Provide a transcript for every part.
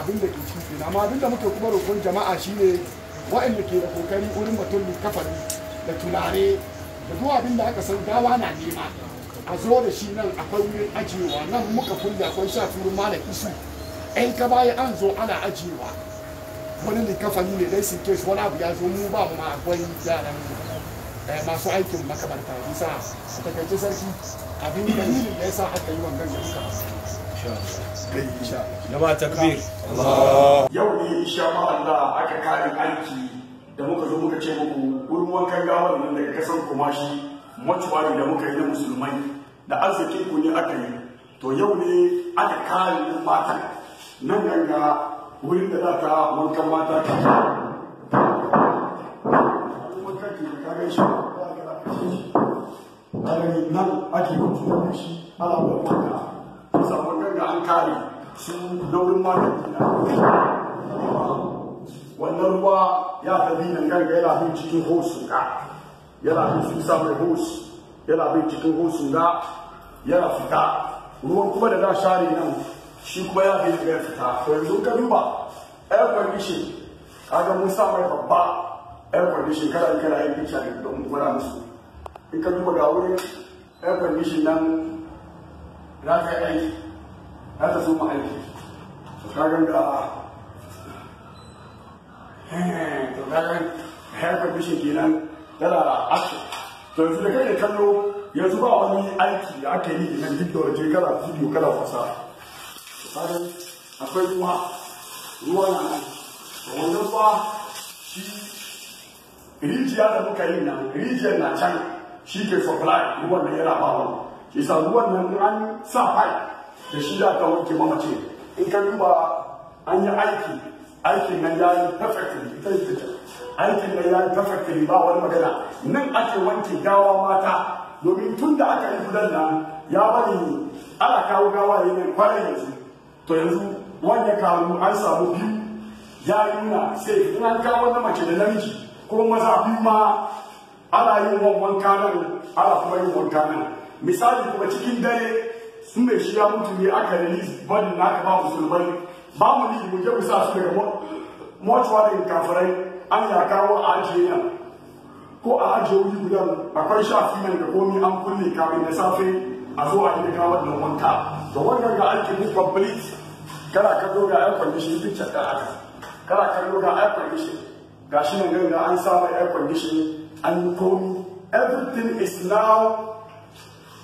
abin da ke cikin amma abin da muke kuma roƙon jama'a shine waɗanda ke da kokari wurin batun kafari da tunare da duk abin da aka san gawa na nema a zo da shi nan akwai wurin ajiyewa nan muka kulle akwai sha turin malam isu ɗan ka baya an zo ana ajiyewa wani kafari ne dai sinke wani abu ya zo mu ba mu ma akwai yaran eh, masu aikin makabarta bisa a takaice sarki abin da dalilin da ya sa aka yi wangan da yanzu jama'a takbir yau ne insha Allah aka kare aiki da muka zo muka ce muku wurin wankan gawar nan daga kasan kumashi mutuwari da muka yi na musulmai da arzikin ku ne aka yi to yau ne aka kare matan nan ganga wurin da za ta wankan mata ta nan ake kwanci da shi ala wani wanda da an kare su daurin matan wannan ruwa ya tabi nan ganga yana bin cikin hosun ga yana bin su isa yana bin cikin hosun ga yana fita ruwan kuma da za share nan shi kuma ya bin ga fita to yanzu ka duba air condition mun mai babba air condition kada in kana don in ka duba ga wurin air condition nan za ta so aiki to kagan a eh, to kagan haifar bishin kenan tana action to yanzu da kai da kallo yanzu ba wani aiki da aka yi nan duk da waje kala video kala fasa to kagan akwai ruwa ruwa na nan to wannan ruwa shi rijiya da muka yi nan rijiyar na can shi ke supply ruwan da ya ba wani shi sa ruwan nan an sa pipe da shi da aka wanke mamace in ka duba an yi aiki aikin nan ya yi perfectly ita yi ta aikin nan ya yi perfectly ba wani magana nan ake wanke gawa mata domin tun da aka yi gudan nan ya bari ana kawo gawa ya yi kwarai yanzu to yanzu wanda kawo an samu biyu ya yi nuna sai in an kawo na mace da namiji ko maza biyu ma ana yin wanka nan ana kuma yin wanka nan misali kuma cikin dare su mai shi ya mutu ne aka yi release na aka ba musulmai ba mu ni mu je mu sa su daga da kafirai an ya kawo a ajiye yan ko a ajiye wuri guda akwai sha nan da komi an kulle kafin da safe a zo a yi gawar da wanka da wannan ga aiki ni complete kana kallo ga air condition duk da aka kana kallo ga air shi gashi nan ga an saba air condition an komi everything is now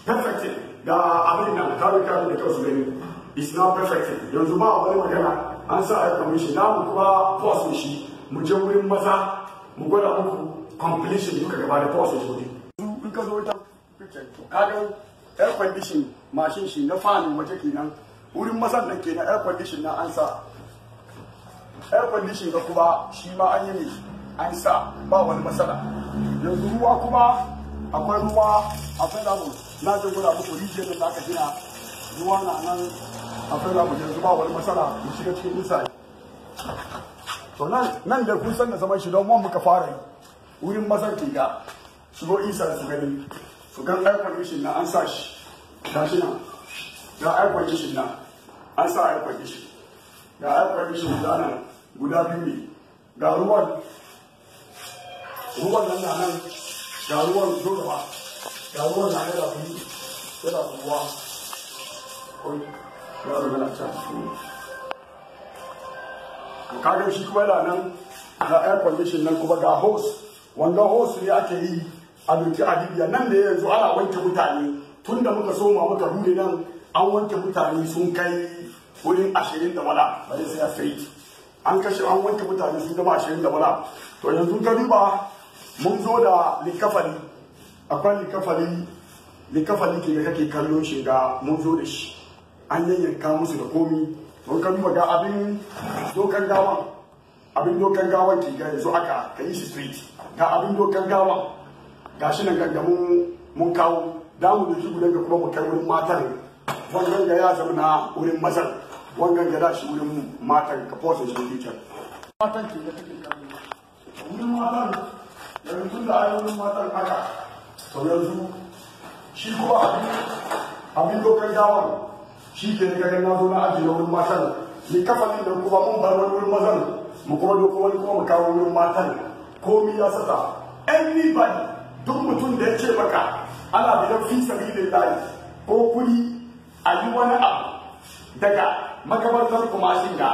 perfect. da abin nan kare kare da kyau su gani is not perfect yanzu ba wani magana an sa ya kamar shi namu kuma pause shi mu je wurin maza mu gwada muku completion duka gaba da pause shi in ka zo wuta to ga air condition mashin shi na fan waje kenan wurin mazan nan kenan air condition na an sa air condition ga kuma shi ma an yi ne, an sa ba wani matsala yanzu ruwa kuma akwai ruwa akwai zamu na je gwada muku rijiyar da aka gina ruwa na nan akwai za mu je ba wani matsala mu shiga cikin misali to nan nan da kun san da zaman shi don mu muka fara wurin mazar tiga su zo isa su gani su gan air condition na an sa shi ga shi nan ga air condition na an sa air condition ga air condition guda nan guda biyu ne ga ruwan ruwan nan na nan ga ruwan zuwa garuwan na yana kuli yana kuwa yaro yana can to kaga shi kuma yana nan na air condition nan kuma ga hose wanga hose ne ake yi a doki a dibiya nan da yanzu ana wanke mutane tun da muka soma muka hude nan an wanke mutane sun kai wurin ashirin da wala bai sai a sai an kashe an wanke mutane sun gama ashirin da wala to yanzu ta duba mun zo da likafani akwai likafali likafali ke kake kallon shi ga mun zo da shi an yayyanka musu da komi mun kan ga abin dokan gawa abin dokan gawa ke ga yanzu aka ka yi shi street ga abin dokan gawa ga shi nan da mun kawo da da shi gudan ga kuma mu kai wurin matar wannan ga ya zama na wurin mazan wannan ga da shi wurin matar ka fosa shi wurin matan ke da take kallon wurin matar mutum da ayyukan matar haka to yanzu shi kuma abin abin dokar shi ke daga na zo na ajiye wurin matan ni kafalin da kuma mun bar wani wurin mazan mu kuma doko wani kuma mu kawo wurin matan komi ya ni anybody duk mutum da ya ce maka ana da fi sabilin lahi ko kudi ayi wani abu daga makabartar kuma shi ga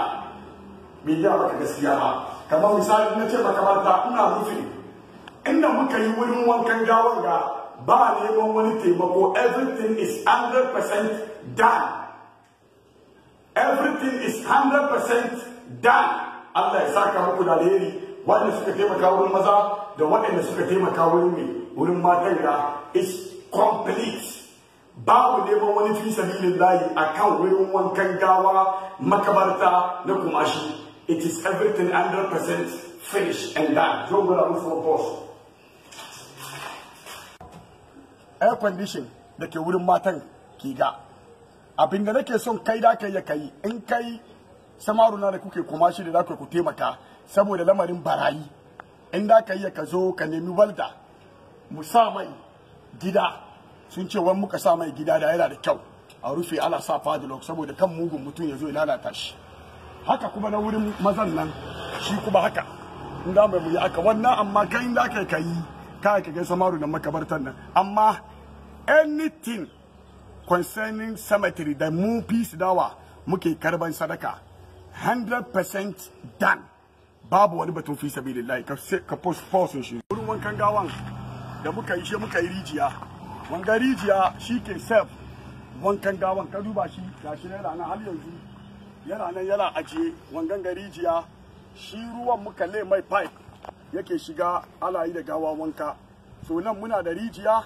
bai da maka gaskiya ba kamar misali na ce makabarta ina rufin inda muka yi wurin wankan gawar ga ba neman wani taimako everything is 100% done everything is 100% done Allah ya saka muku da alheri wanda suka taimaka wurin maza da waɗanda suka taimaka wurin mai wurin matan da is complete babu neman wani fi sabilin layi a kan wurin wankan gawa makabarta na kumashi it is everything 100% finished and done. Jongo la musu air condition da ke wurin matan ki ga abin da nake son kai da kai ya kai in kai samaru na da kuke kuma shi da za ku taimaka saboda lamarin barayi in da ka iya ka zo ka nemi walda mu sa mai gida sun ce wani muka sa mai gida da yana da kyau a rufe ala sa padlock saboda kan mugun mutum ya zo ya lalata shi haka kuma na wurin mazan nan shi kuma haka in da mai muyi yi wannan amma kai in da ka yi ka ka gaisa maru da makabartan nan amma anything concerning cemetery the moon peace dawa muke karban sadaka 100% done babu wani batun fi sabilillahi ka se ka post force shi wurin wankan gawan da muka yi shi muka yi rijiya wanga rijiya shi ke self wankan gawan ka duba shi gashi yana nan har yanzu yana nan yana ajiye wangan garijiya shi ruwan muka le mai pipe yake shiga ala yi da gawa wanka so nan muna da rijiya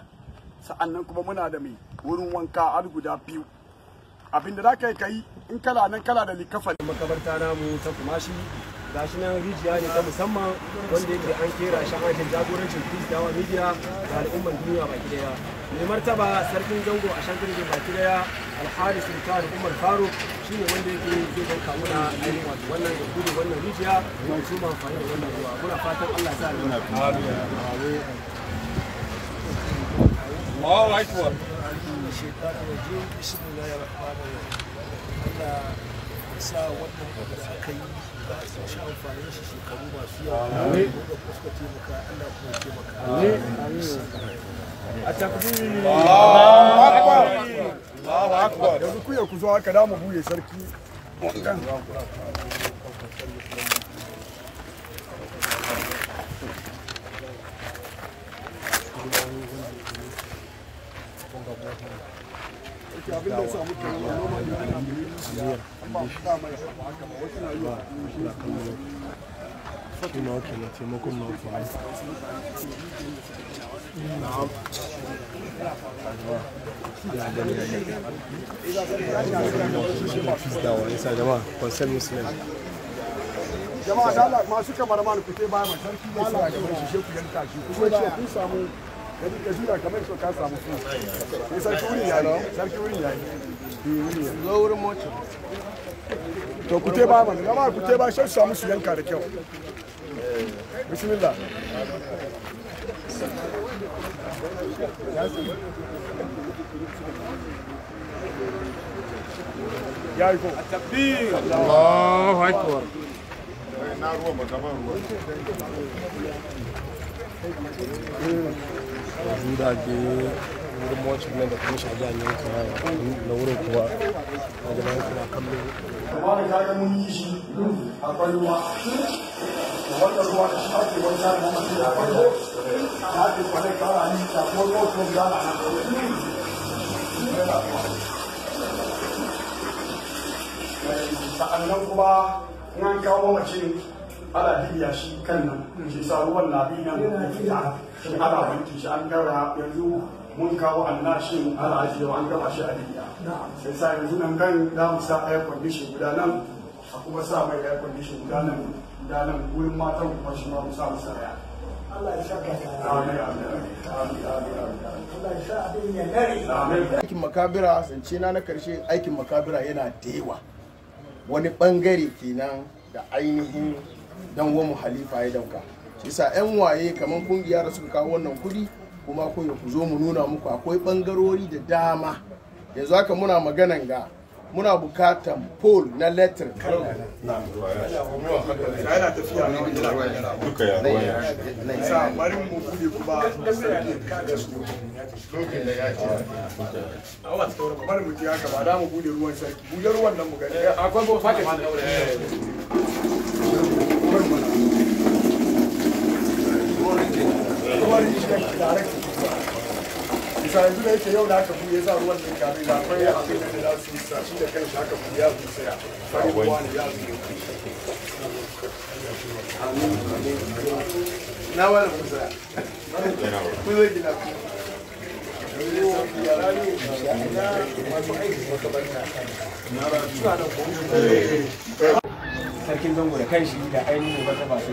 sa'annan kuma muna da mai wurin wanka har guda biyu abinda za ka yi kai in kala nan kala da likafa makabarta namu ta kumashi gashi nan rijiya ne ta musamman wanda yake an kera shi hankin jagorancin kristawa media da al'ummar duniya baki daya mai martaba sarkin zango a shantirgin baki daya alhari sultan umar faruk ne wanda yake zai don kamu na ainihin wannan wannan gudu wannan rijiya don su amfani da wannan ruwa muna fatan allah sa albarka الله أكبر الشيطان الرجيم بسم الله الرحمن الرحيم sa wannan da aka yi za su sha shi shekaru masu yawa da kuka taimaka Allah a takbiri Allahu akbar Allahu akbar yanzu ku ya ku zo aka da mu buye sarki abin da samu kenan noma ne ana miliyan amma ba mai haka ba wasu na yi wa shi na wakil na taimakon na wakil ne jama'a da Allah masu kamar man ku sai ba mai sarki ya sa ga shi ku yanka shi ku ce kun samu ka juya kamar so ka samu su sai sarki wuri ya no sarki wuri ya yi wuri ya zo wurin mota to ku te ba mana gama ku te ba shi samu su yanka bismillah ya yi ko Allahu akbar na ruwa ba kamar ruwa jirage wurin mawacin nan da kuma shaji a yanka na wurin kuma a jama'a kuma kallo. Amma da kayan mun yi shi akwai ruwa. Wanda ruwa da shi ake wani na da da kwallo. Na ake kwanar ta ni da kuma lokacin da na nan. Eh, kuma in kawo mace ana dibiya shi kan nan shi sa ruwan na bi nan shi ana wanke shi an gara yanzu mun kawo annashin ana ajiyewa an gama shi a dibiya sai sa yanzu nan kan za mu sa air condition guda nan a kuma sa mai air condition guda nan guda nan wurin matan kuma shi ma mu sa mu saya aikin makabira zance na na karshe aikin makabira yana da yawa wani bangare kenan da ainihin dan mu halifa ya dauka shi sa yan waye kaman kungiya da suka kawo wannan kudi kuma ko ku zo mu nuna muku akwai bangarori da dama yanzu haka muna maganan ga muna bukatan pol na letter ruwan rijiya yanzu da yake yau da aka buye sa ruwan da kare da akwai ya abin da za su sa shi da kan shi aka buye ya saya fari ruwa ne ya zuwa na wani gina sarkin zango da kan shi da ainihin wata masu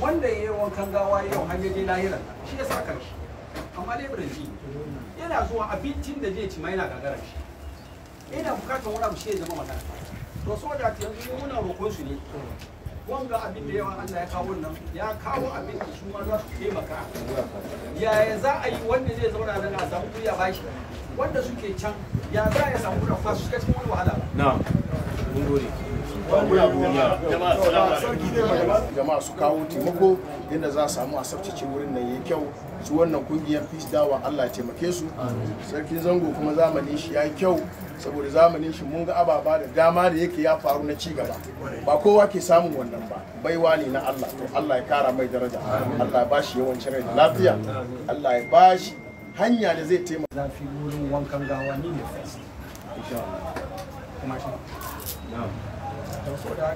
wanda ya yi wankan gawa yau har ya je shi ya sa karshe amma dai birinci yana zuwa abincin da zai ci ma yana gagarar shi yana bukatar wani abu shi ya zama magana to so da yanzu muna roƙon su ne wanga abin da yawa Allah ya kawo nan ya kawo abin da su ma za su taimaka yaya za a yi wanda zai zauna nan a samu kuriya bashi wanda suke can ya za a samu rafa su cikin wani wahala na mun gode jama'a su kawo taimako yadda za a samu a tsaftace wurin nan yayi kyau su wannan kungiyar peace dawa Allah ya taimake su sarkin zango kuma zamanin shi ya kyau saboda zamanin shi mun ga ababa da dama da yake ya faru na ci gaba ba kowa ke samun wannan ba baiwa ne na Allah to Allah ya kara mai daraja Allah ya bashi yawancin rai da lafiya Allah ya bashi hanya da zai taimaka zafi wurin wankan gawa ne insha Allah kuma shi don so da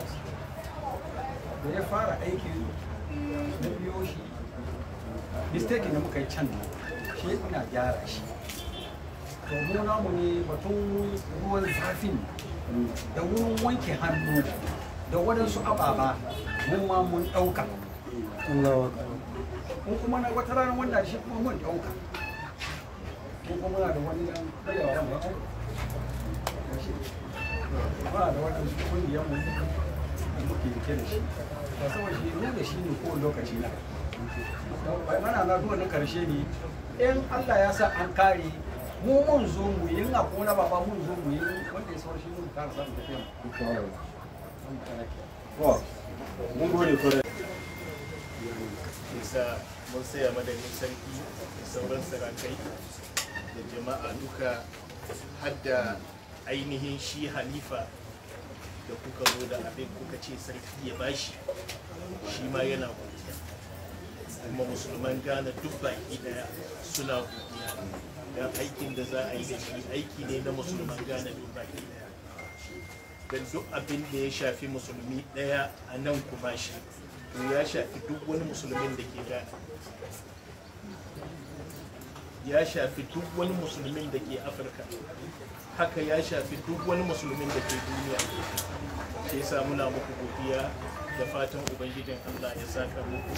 ya fara aiki na biyo shi mistake da muka yi can shi ina gyara shi to mu namu ne batun ruwan zafin da wurin wanke hannu da waɗansu ababa mun ma mun ɗauka kuma na wata ranar wanda shi kuma mun ɗauka mun kuma na da wani nan ɗaya wa ran ba ba da wannan shi kungiyar mu da muke rike da shi ba saboda shi ne da shi ne ko lokaci na bai mana na duwa na karshe ne in Allah ya sa an kare mu mun zo mu yi na ko na baba mun zo mu yi wanda ya saurar shi mun kare sa mu tafi mu mun gode kwarai bisa mun saya madadin sarki da sauran sarakai da jama'a duka hadda ainihin shi halifa da kuka zo da abin kuka ce sarki ya bashi shi ma yana godiya kuma musulman gane duk baki daya suna godiya don aikin da za a yi da shi aiki ne na musulman gane duk baki daya don duk abin da ya shafi musulmi daya a nan kuma shi to ya shafi duk wani musulmin da ke gane ya shafi duk wani musulmin da ke afirka haka ya shafi duk wani musulmin da ke duniya sai sa muna muku godiya da fatan ubangijin allah ya saka muku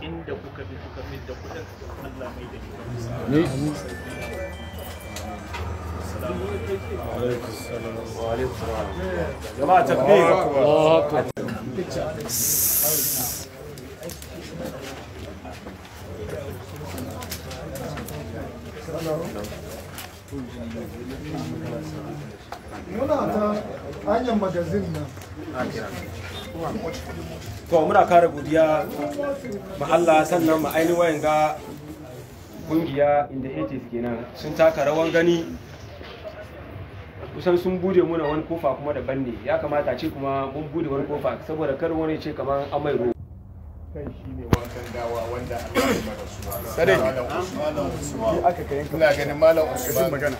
inda kuka bi kuka fi da kudin allah mai da jama'a muna ta hanyar magazin nan to muna kare godiya ma Allah sannan ma ainihin wayan ga kungiya inda 80s kenan sun taka rawan gani kusan sun bude muna wani kofa kuma da ne ya kamata ce kuma mun bude wani kofa saboda kar wani ce kamar amai ro kan shi ne wankan dawa wanda Allah ya mara su. Sare. Malam Usman. Ina ganin Malam Usman. magana.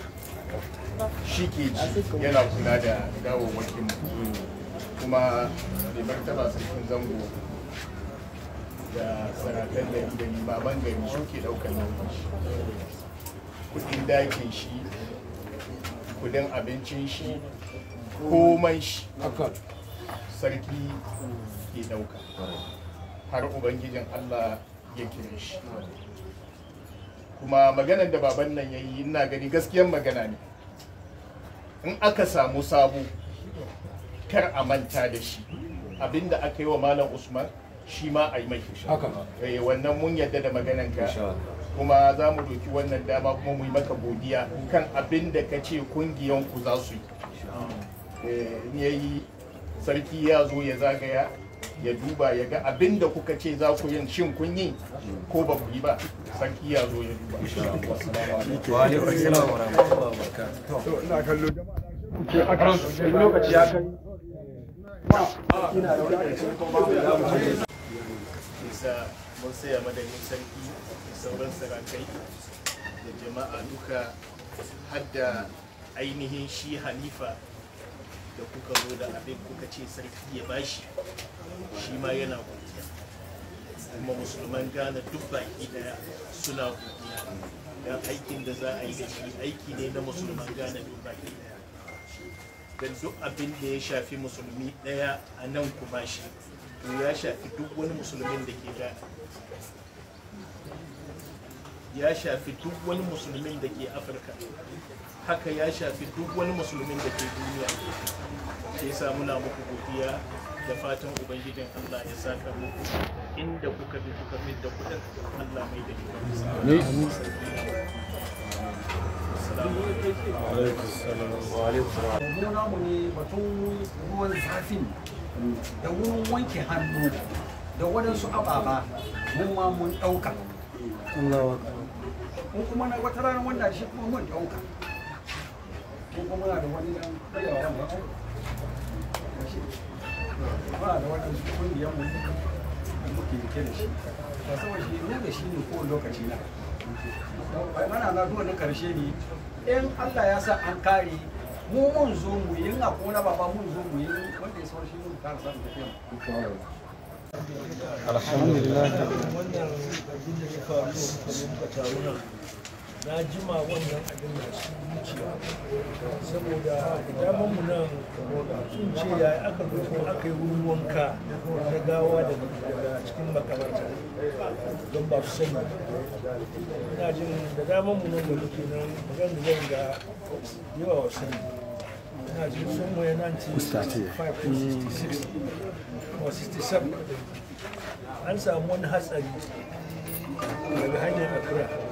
shi ke ci yana kula da gawawwakin mu kuma mai martaba sarkin zango da sarakan da da limaman gari shi ke daukar nauyi kudin dakin shi kudin abincin shi komai shi sarki ke dauka har ubangijin allah ya kire shi kuma maganar da baban nan ya yi ina gani gaskiyan magana ne in aka samu sabo kar a manta da shi abinda aka yi wa malam usman shi ma a yi mai eh wannan mun yadda da maganan ka kuma za mu doki wannan dama kuma mu yi maka godiya kan abin da ka ce kungiyan za su yi eh, yayi sarki ya zo ya zagaya ya duba ya ga abin da kuka ce za ku yin shin kun yi ko ba ku yi ba sarki ya zo ya duba isa mun saya madadin sarki da sauran sarakai da jama'a duka hadda ainihin shi halifa da kuka zo da abin kuka ce sarki ya bashi shi ma yana godiya kuma musulman gane duk baki daya suna godiya don aikin da za a yi da shi aiki ne na musulman gane duk baki daya don duk abin da ya shafi musulmi daya a nan kuma shi to ya shafi duk wani musulmin da ke gane ya shafi duk wani musulmin da ke afirka haka ya shafi duk wani musulmin da ke duniya sai sa muna muku godiya da fatan ubangijin Allah ya saka muku inda kuka bi kuka fi da kudin Allah mai da kika namu ne batun ruwan zafin da wurin wanke hannu da waɗansu ababa mun ma mun ɗauka in kuma na wata rana wanda shi kuma mun ɗauka ko kuma muna da shi ne shi ne ko lokaci na na karshe ne in Allah ya sa an kare mu mun zo mu yi na ko na baba mun zo mu yi wanda ya sauran mun kara samun tafiya alhamdulillah wannan abin da ya faru da muka taru na jima wannan abin na zuciya saboda damar mu nan sun ce ya yi aka zo aka yi wurin wanka na gawa daga cikin makaranta. don ba su sani ina jin da daman mu nan da muke nan magan da zan ga yawa wa sani ina jin sun mu yana 65 ko 67 an samu wani hatsari daga hanyar akura.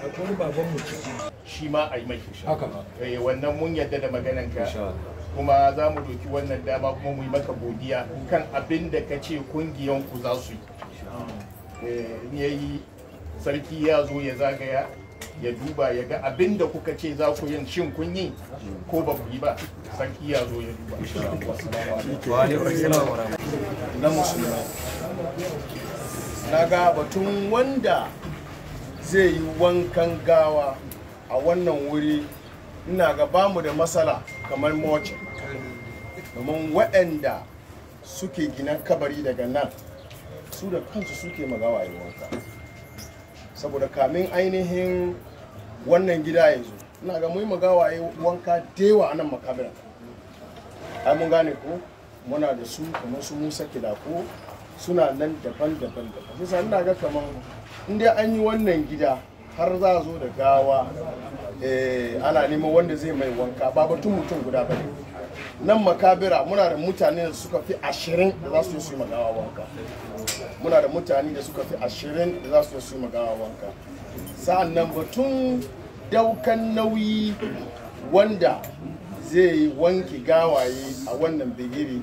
akwai baban mu ciki shi ma a yi mai haka eh, wannan mun yadda da maganan ka kuma za mu doki wannan dama kuma mu yi maka godiya kan abin da ka ce kungiyan ku za su yi eh, Ya yi sarki ya zo ya zagaya ya duba ya ga abin da kuka ce za ku yin shin kun ko ba ku yi ba sarki ya zo ya duba na ga batun wanda zai yi wankan gawa a wannan wuri ina ga bamu da matsala kamar moce domin waɗanda suke ginan kabari daga nan su da kansu suke magawa yi wanka saboda kamin ainihin wannan gida ya zo ina ga muyi magawa yi wanka dewa a nan makabiran ai mun gane ko muna da su kamar su musa kilako suna nan daban-daban daban ina ga kamar Inda an yi wannan gida har za zo da gawa eh, ana neman wanda zai mai wanka ba batun mutum guda bane nan makabira muna da mutane da suka fi ashirin da za su yi su yi magawa wanka muna da mutane da suka fi ashirin da za su yi su yi magawa wanka sa'an nan batun daukan nauyi wanda zai wanki gawaye a wannan bigiri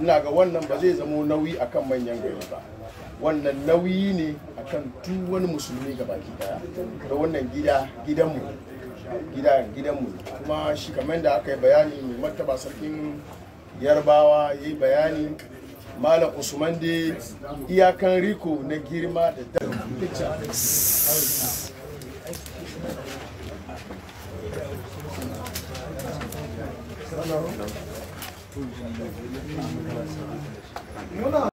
ina ga wannan ba zai zamo nauyi akan manyan gari ba wannan nauyi ne akan duk wani musulmi ga baki daya da wannan gida gidanmu gida gidanmu kuma shi kamar da aka yi bayani mai martaba sarkin yarbawa ya yi bayani malam usman da iyakan riko na girma da daraja Hello.